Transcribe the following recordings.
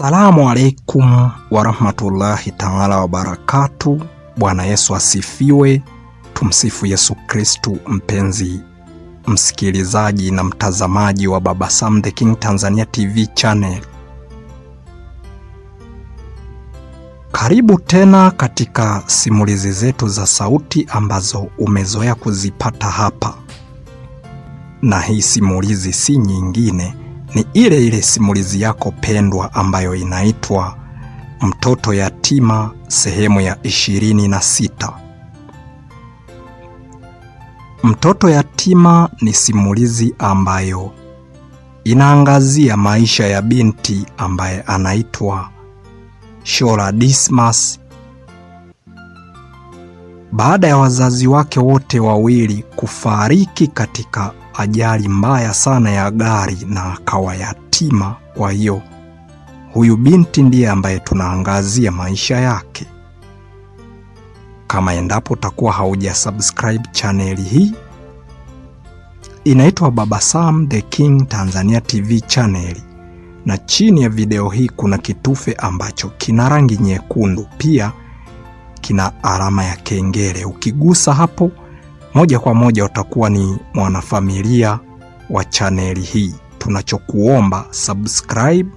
asalamu alaikum warahmatullahi taala wabarakatu. Bwana Yesu asifiwe. Tumsifu Yesu Kristu. Mpenzi msikilizaji na mtazamaji wa Baba Sam the King Tanzania TV channel, karibu tena katika simulizi zetu za sauti ambazo umezoea kuzipata hapa, na hii simulizi si nyingine ni ile ile simulizi yako pendwa ambayo inaitwa Mtoto Yatima sehemu ya ishirini na sita. Mtoto Yatima ni simulizi ambayo inaangazia maisha ya binti ambaye anaitwa Shola Dismas baada ya wazazi wake wote wawili kufariki katika ajali mbaya sana ya gari na akawa yatima. Kwa hiyo huyu binti ndiye ambaye tunaangazia maisha yake. Kama endapo utakuwa hauja subscribe chaneli hii, inaitwa Baba Sam The King Tanzania TV chaneli, na chini ya video hii kuna kitufe ambacho kina rangi nyekundu, pia kina alama ya kengele. Ukigusa hapo moja kwa moja utakuwa ni mwanafamilia wa chaneli hii. Tunachokuomba subscribe,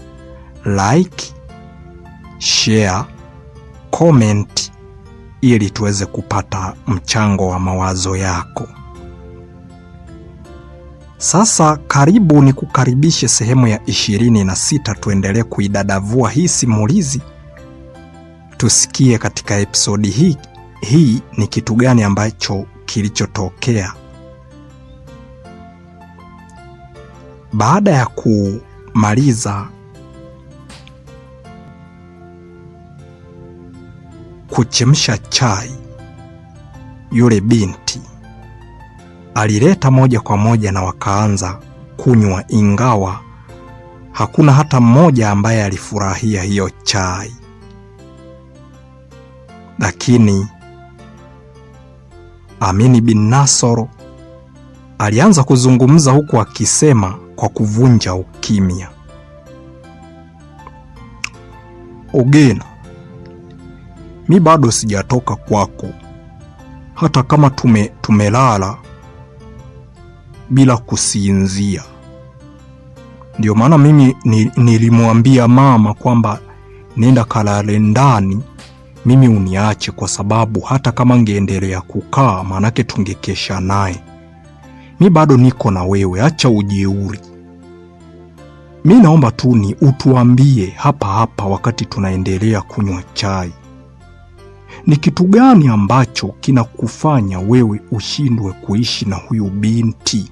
like, share, comment ili tuweze kupata mchango wa mawazo yako. Sasa karibu ni kukaribishe sehemu ya ishirini na sita. Tuendelee kuidadavua hii simulizi, tusikie katika episodi hii hii ni kitu gani ambacho kilichotokea. Baada ya kumaliza kuchemsha chai, yule binti alileta moja kwa moja na wakaanza kunywa, ingawa hakuna hata mmoja ambaye alifurahia hiyo chai, lakini Amini bin Nasoro alianza kuzungumza huku akisema kwa kuvunja ukimya, Ogena, mi bado sijatoka kwako, hata kama tume tumelala bila kusinzia. Ndio maana mimi nilimwambia mama kwamba nenda kalale ndani mimi uniache, kwa sababu hata kama ngeendelea kukaa, maanake tungekesha naye. Mi bado niko na wewe, acha ujeuri. Mi naomba tu ni utuambie hapa hapa, wakati tunaendelea kunywa chai, ni kitu gani ambacho kinakufanya wewe ushindwe kuishi na huyu binti,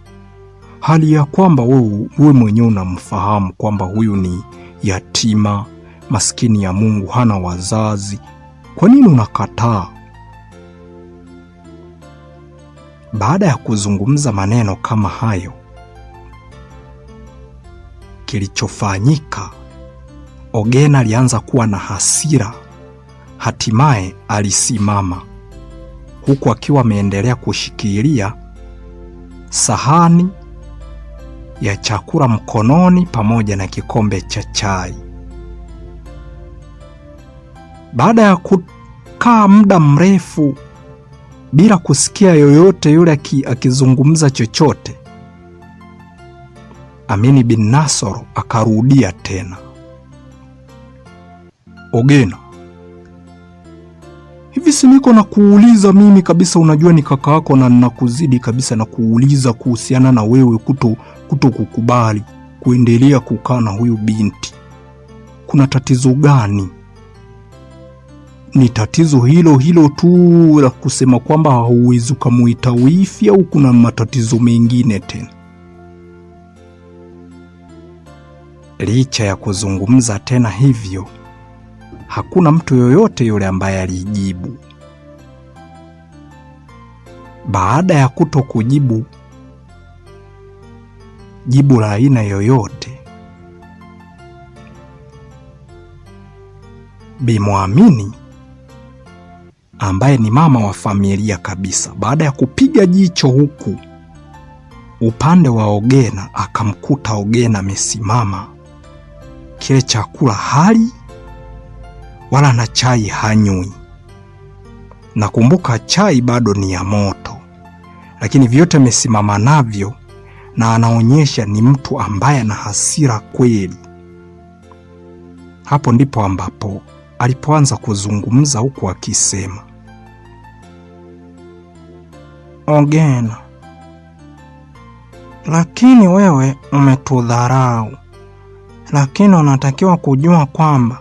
hali ya kwamba wewe, wewe mwenyewe unamfahamu kwamba huyu ni yatima maskini ya Mungu, hana wazazi, kwa nini unakataa? Baada ya kuzungumza maneno kama hayo, kilichofanyika, Ogena alianza kuwa na hasira. Hatimaye alisimama huku akiwa ameendelea kushikilia sahani ya chakula mkononi pamoja na kikombe cha chai. Baada ya kukaa muda mrefu bila kusikia yoyote yule akizungumza chochote, Amini bin Nasoro akarudia tena, Ogena, hivi si niko na kuuliza mimi kabisa, unajua ni kaka yako na ninakuzidi kabisa, na kuuliza kuhusiana na wewe kuto, kuto kukubali kuendelea kukaa na huyu binti, kuna tatizo gani? ni tatizo hilo hilo tu la kusema kwamba hauwezi ukamuita wifi au kuna matatizo mengine tena? Licha ya kuzungumza tena hivyo, hakuna mtu yoyote yule ambaye alijibu. Baada ya kuto kujibu jibu la aina yoyote, Bimwamini ambaye ni mama wa familia kabisa, baada ya kupiga jicho huku upande wa Ogena akamkuta Ogena amesimama, kile chakula hali wala na chai hanywi. Nakumbuka chai bado ni ya moto, lakini vyote amesimama navyo, na anaonyesha ni mtu ambaye ana hasira kweli. Hapo ndipo ambapo alipoanza kuzungumza huku akisema Ogena, lakini wewe umetudharau. Lakini unatakiwa kujua kwamba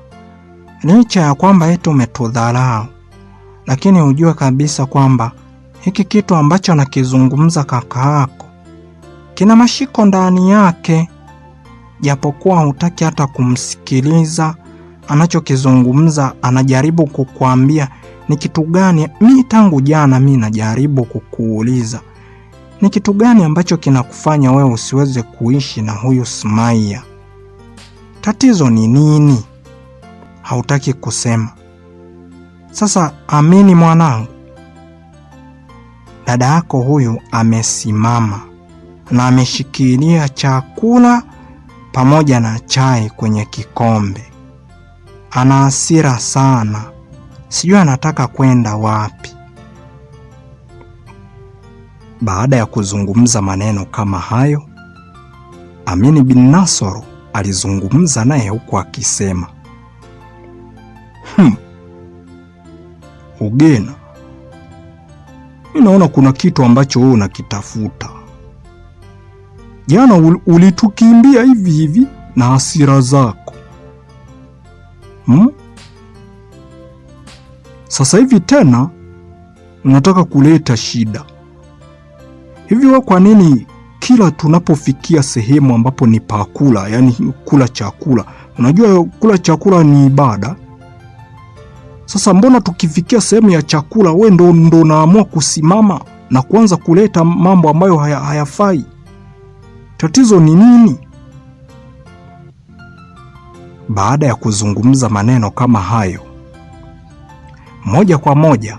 licha ya kwamba eti umetudharau, lakini ujue kabisa kwamba hiki kitu ambacho nakizungumza kaka yako kina mashiko ndani yake, japokuwa hutaki hata kumsikiliza anachokizungumza. Anajaribu kukuambia ni kitu gani? Mi tangu jana mi najaribu kukuuliza, ni kitu gani ambacho kinakufanya wewe usiweze kuishi na huyu Smaia? Tatizo ni nini? Hautaki kusema. Sasa amini mwanangu, dada yako huyu amesimama na ameshikilia chakula pamoja na chai kwenye kikombe. Ana sana sijui anataka kwenda wapi. Baada ya kuzungumza maneno kama hayo, Amini bin Nasoro alizungumza naye huku akisema hmm, Ugena, mi naona kuna kitu ambacho wewe unakitafuta. Jana ul ulitukimbia hivi hivi na hasira zako hmm? Sasa hivi tena unataka kuleta shida. hivi Hivyo kwa nini kila tunapofikia sehemu ambapo ni pakula, yani kula chakula, unajua kula chakula ni ibada. Sasa mbona tukifikia sehemu ya chakula, we ndo, ndo naamua kusimama na kuanza kuleta mambo ambayo haya, hayafai? Tatizo ni nini? Baada ya kuzungumza maneno kama hayo moja kwa moja,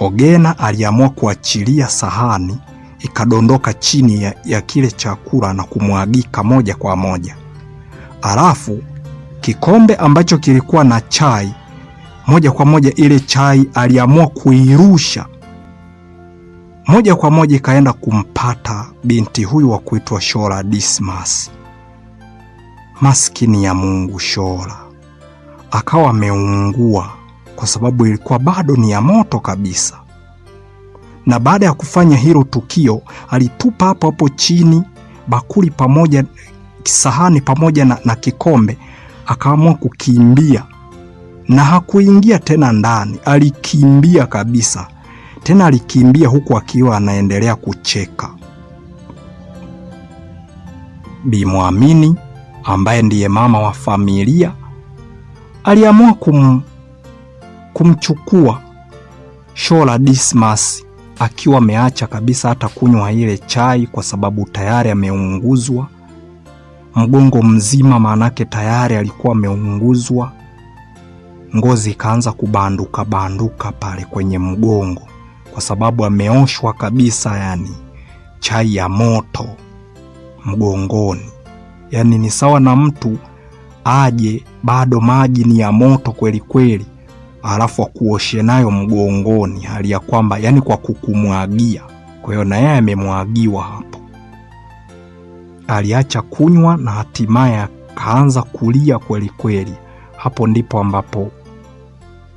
Ogena aliamua kuachilia sahani ikadondoka chini ya, ya kile chakula na kumwagika moja kwa moja. Alafu kikombe ambacho kilikuwa na chai, moja kwa moja ile chai aliamua kuirusha moja kwa moja ikaenda kumpata binti huyu wa kuitwa Shola Dismas. Maskini ya Mungu Shola akawa ameungua kwa sababu ilikuwa bado ni ya moto kabisa. Na baada ya kufanya hilo tukio, alitupa hapo hapo chini bakuli pamoja kisahani pamoja na, na kikombe, akaamua kukimbia na hakuingia tena ndani, alikimbia kabisa. Tena alikimbia huku akiwa anaendelea kucheka. Bi Mwamini ambaye ndiye mama wa familia aliamua kum, kumchukua Shola Dismas akiwa ameacha kabisa hata kunywa ile chai, kwa sababu tayari ameunguzwa mgongo mzima, maanake tayari alikuwa ameunguzwa, ngozi ikaanza kubanduka banduka pale kwenye mgongo, kwa sababu ameoshwa kabisa, yani chai ya moto mgongoni, yani ni sawa na mtu aje bado maji ni ya moto kweli kweli, alafu akuoshe nayo mgongoni, hali ya kwamba yani kwa kukumwagia. Kwa hiyo na yeye amemwagiwa hapo, aliacha kunywa na hatimaye akaanza kulia kweli kweli. Hapo ndipo ambapo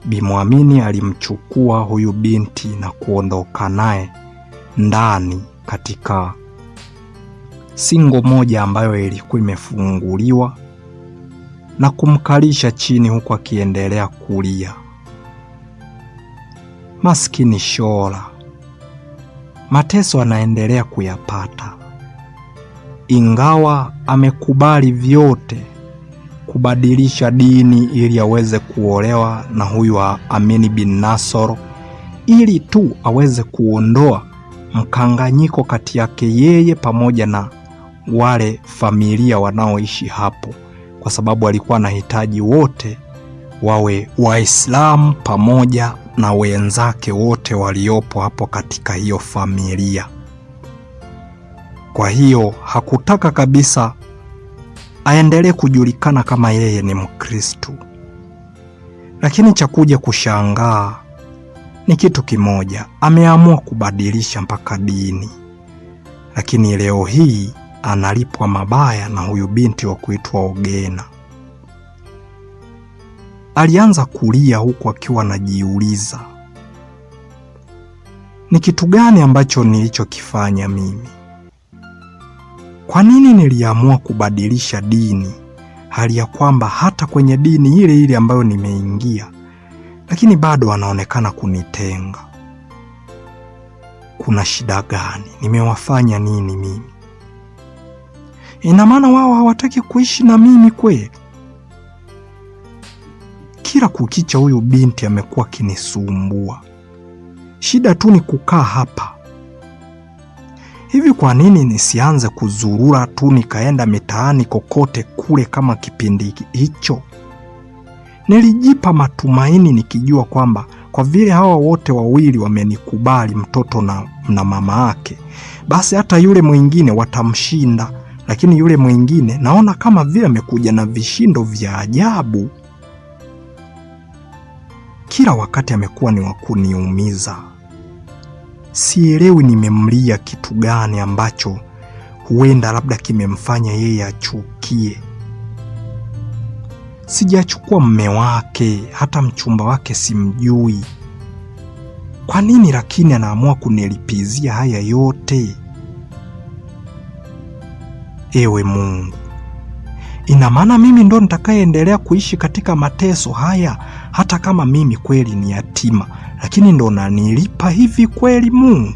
Bimwamini alimchukua huyu binti na kuondoka naye ndani katika singo moja ambayo ilikuwa imefunguliwa na kumkalisha chini huku akiendelea kulia. Maskini Shola, mateso anaendelea kuyapata, ingawa amekubali vyote kubadilisha dini ili aweze kuolewa na huyu Amini bin Nasoro, ili tu aweze kuondoa mkanganyiko kati yake yeye pamoja na wale familia wanaoishi hapo kwa sababu alikuwa anahitaji wote wawe Waislamu pamoja na wenzake wote waliopo hapo katika hiyo familia. Kwa hiyo hakutaka kabisa aendelee kujulikana kama yeye ni Mkristu. Lakini cha kuja kushangaa ni kitu kimoja, ameamua kubadilisha mpaka dini. Lakini leo hii analipwa mabaya na huyu binti wa kuitwa Ogena. Alianza kulia huku akiwa anajiuliza, ni kitu gani ambacho nilichokifanya mimi? Kwa nini niliamua kubadilisha dini, hali ya kwamba hata kwenye dini ile ile ambayo nimeingia, lakini bado anaonekana kunitenga? Kuna shida gani? Nimewafanya nini mimi? Ina maana wao hawataki kuishi na mimi kweli? Kila kukicha huyu binti amekuwa akinisumbua, shida tu ni kukaa hapa hivi. Kwa nini nisianze kuzurura tu nikaenda mitaani kokote kule kama kipindi hicho? Nilijipa matumaini nikijua kwamba kwa vile hawa wote wawili wamenikubali, mtoto na, na mama yake, basi hata yule mwingine watamshinda lakini yule mwingine naona kama vile amekuja na vishindo vya ajabu. Kila wakati amekuwa ni wa kuniumiza. Sielewi nimemlia kitu gani ambacho huenda labda kimemfanya yeye achukie. Sijachukua mme wake, hata mchumba wake simjui. Kwa nini lakini anaamua kunilipizia haya yote? Ewe Mungu, ina maana mimi ndo nitakayeendelea kuishi katika mateso haya, hata kama mimi kweli ni yatima, lakini ndo nanilipa hivi kweli Mungu?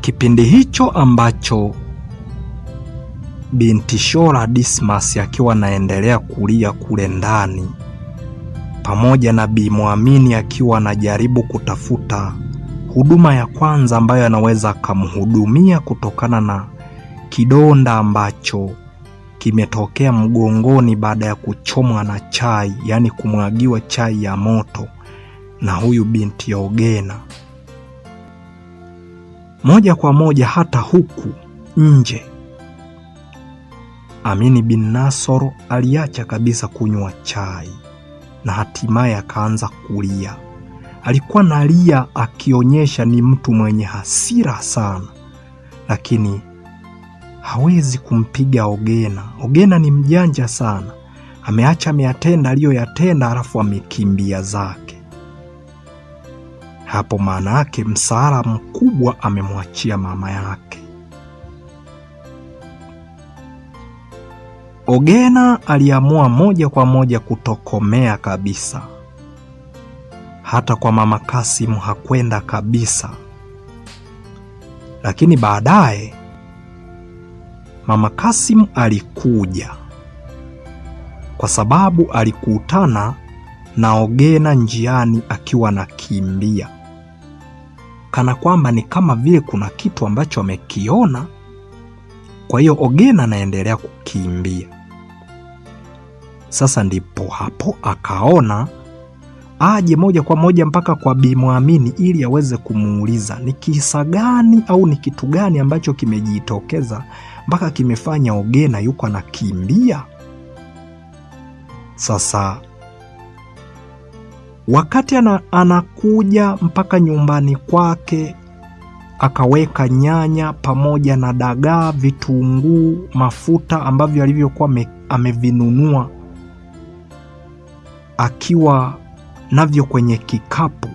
Kipindi hicho ambacho binti Shola Dismas akiwa anaendelea kulia kule ndani, pamoja na Bi Mwamini akiwa anajaribu kutafuta huduma ya kwanza ambayo anaweza akamhudumia kutokana na kidonda ambacho kimetokea mgongoni baada ya kuchomwa na chai, yaani kumwagiwa chai ya moto na huyu binti Ogena. Moja kwa moja hata huku nje, Amini bin Nasoro aliacha kabisa kunywa chai na hatimaye akaanza kulia. Alikuwa nalia akionyesha ni mtu mwenye hasira sana, lakini hawezi kumpiga Ogena. Ogena ni mjanja sana, ameacha ameyatenda aliyoyatenda, alafu amekimbia zake. Hapo maana yake msahara mkubwa amemwachia mama yake. Ogena aliamua moja kwa moja kutokomea kabisa hata kwa mama Kasim hakwenda kabisa. Lakini baadaye mama Kasim alikuja kwa sababu alikutana na Ogena njiani akiwa anakimbia, kana kwamba ni kama vile kuna kitu ambacho amekiona. Kwa hiyo Ogena anaendelea kukimbia. Sasa ndipo hapo akaona aje moja kwa moja mpaka kwa Bi Mwamini ili aweze kumuuliza ni kisa gani au ni kitu gani ambacho kimejitokeza mpaka kimefanya Ogena yuko anakimbia. Sasa wakati ana, anakuja mpaka nyumbani kwake akaweka nyanya pamoja na dagaa, vitunguu, mafuta ambavyo alivyokuwa amevinunua akiwa navyo kwenye kikapu.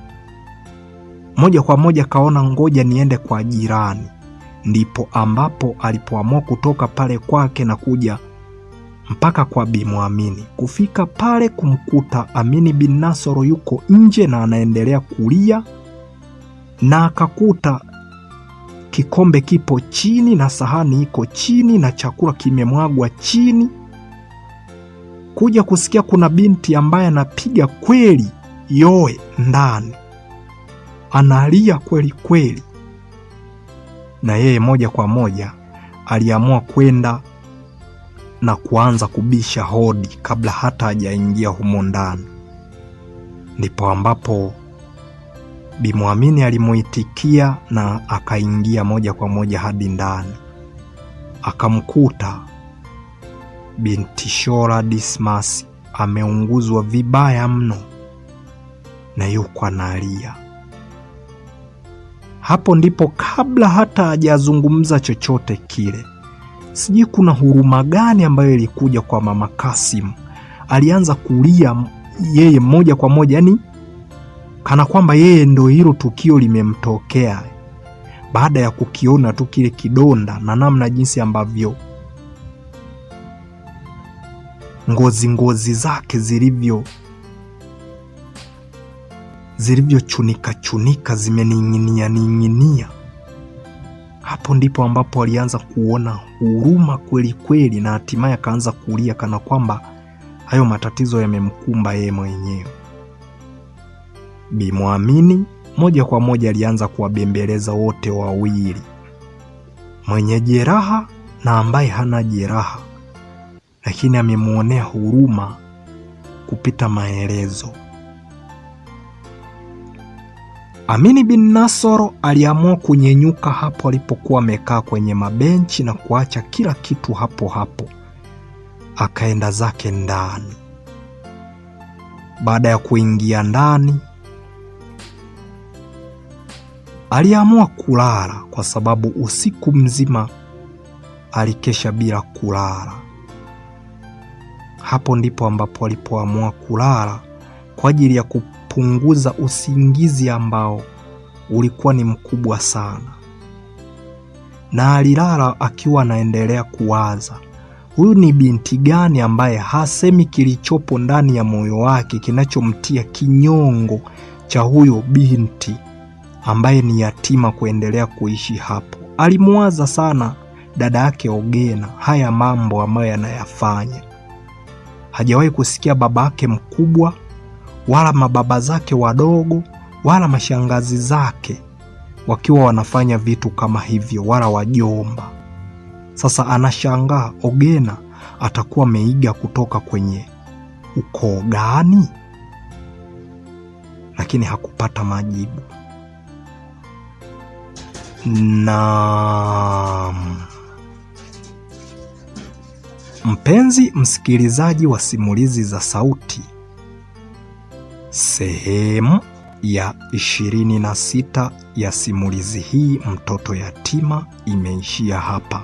Moja kwa moja kaona ngoja niende kwa jirani, ndipo ambapo alipoamua kutoka pale kwake na kuja mpaka kwa Bimwamini. Kufika pale kumkuta Amini bin Nasoro yuko nje na anaendelea kulia, na akakuta kikombe kipo chini na sahani iko chini na chakula kimemwagwa chini. Kuja kusikia kuna binti ambaye anapiga kweli yoe ndani, analia kweli kweli. Na yeye moja kwa moja aliamua kwenda na kuanza kubisha hodi kabla hata hajaingia humo ndani. Ndipo ambapo Bimwamini alimuitikia na akaingia moja kwa moja hadi ndani, akamkuta binti Shora Dismas ameunguzwa vibaya mno na yuko analia. Hapo ndipo kabla hata hajazungumza chochote kile. Sijui kuna huruma gani ambayo ilikuja kwa mama Kasim. Alianza kulia yeye moja kwa moja, yani kana kwamba yeye ndo hilo tukio limemtokea, baada ya kukiona tu kile kidonda na namna jinsi ambavyo ngozi ngozi zake zilivyo zilivyochunika chunika zimening'inia ning'inia. Hapo ndipo ambapo alianza kuona huruma kweli kweli, na hatimaye akaanza kulia kana kwamba hayo matatizo yamemkumba yeye mwenyewe. Bimwamini moja kwa moja alianza kuwabembeleza wote wawili, mwenye jeraha na ambaye hana jeraha, lakini amemwonea huruma kupita maelezo. Amini bin Nasoro aliamua kunyenyuka hapo alipokuwa amekaa kwenye mabenchi na kuacha kila kitu hapo hapo, akaenda zake ndani. Baada ya kuingia ndani, aliamua kulala kwa sababu usiku mzima alikesha bila kulala. Hapo ndipo ambapo alipoamua kulala kwa ajili ya kupu kupunguza usingizi ambao ulikuwa ni mkubwa sana, na alilala akiwa anaendelea kuwaza huyu ni binti gani ambaye hasemi kilichopo ndani ya moyo wake kinachomtia kinyongo cha huyo binti ambaye ni yatima kuendelea kuishi hapo. Alimwaza sana dada yake Ogena, haya mambo ambayo anayafanya. Hajawahi kusikia babake mkubwa wala mababa zake wadogo wala mashangazi zake wakiwa wanafanya vitu kama hivyo, wala wajomba. Sasa anashangaa Ogena atakuwa ameiga kutoka kwenye ukoo gani? Lakini hakupata majibu. Na mpenzi msikilizaji wa simulizi za sauti Sehemu ya 26 ya simulizi hii Mtoto Yatima imeishia hapa.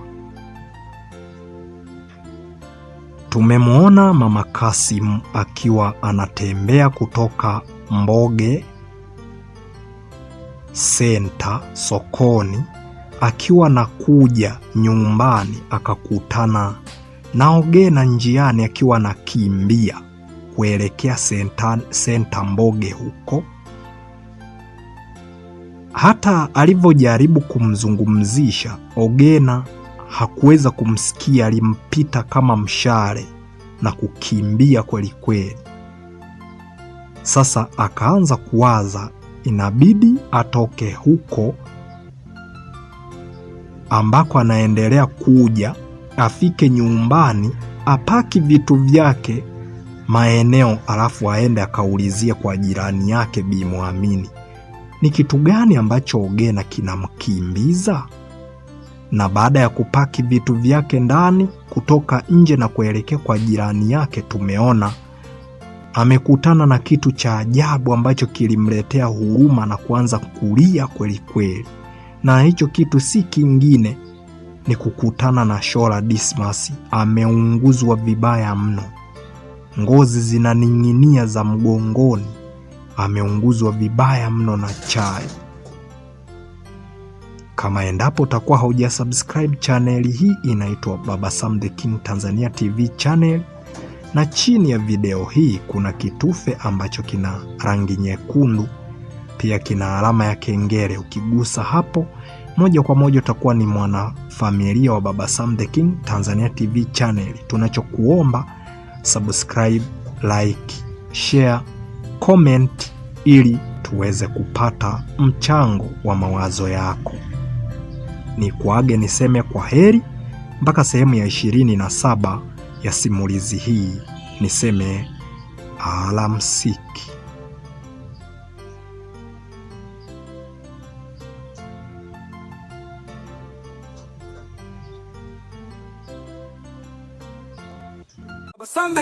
Tumemwona Mama Kasim akiwa anatembea kutoka Mboge senta sokoni akiwa nakuja nyumbani akakutana na Ogena njiani akiwa anakimbia kuelekea Senta, Senta Mboge huko. Hata alivyojaribu kumzungumzisha Ogena hakuweza kumsikia, alimpita kama mshale na kukimbia kweli kweli. Sasa akaanza kuwaza inabidi atoke huko ambako anaendelea kuja, afike nyumbani, apaki vitu vyake maeneo alafu aende akaulizie kwa jirani yake Bi Mwamini, ni kitu gani ambacho Ogena kinamkimbiza? Na baada ya kupaki vitu vyake ndani, kutoka nje na kuelekea kwa jirani yake, tumeona amekutana na kitu cha ajabu ambacho kilimletea huruma na kuanza kulia kweli kweli, na hicho kitu si kingine, ni kukutana na Shola Dismas. Ameunguzwa vibaya mno ngozi zinaning'inia za mgongoni. Ameunguzwa vibaya mno na chai. Kama endapo utakuwa haujasubscribe chaneli hii inaitwa Baba Sam the King Tanzania TV channel, na chini ya video hii kuna kitufe ambacho kina rangi nyekundu, pia kina alama ya kengele. Ukigusa hapo moja kwa moja utakuwa ni mwanafamilia wa Baba Sam the King Tanzania TV channel. Tunachokuomba subscribe, like, share, comment ili tuweze kupata mchango wa mawazo yako. Ni kuage niseme kwa heri mpaka sehemu ya ishirini na saba ya simulizi hii, niseme alamsiki.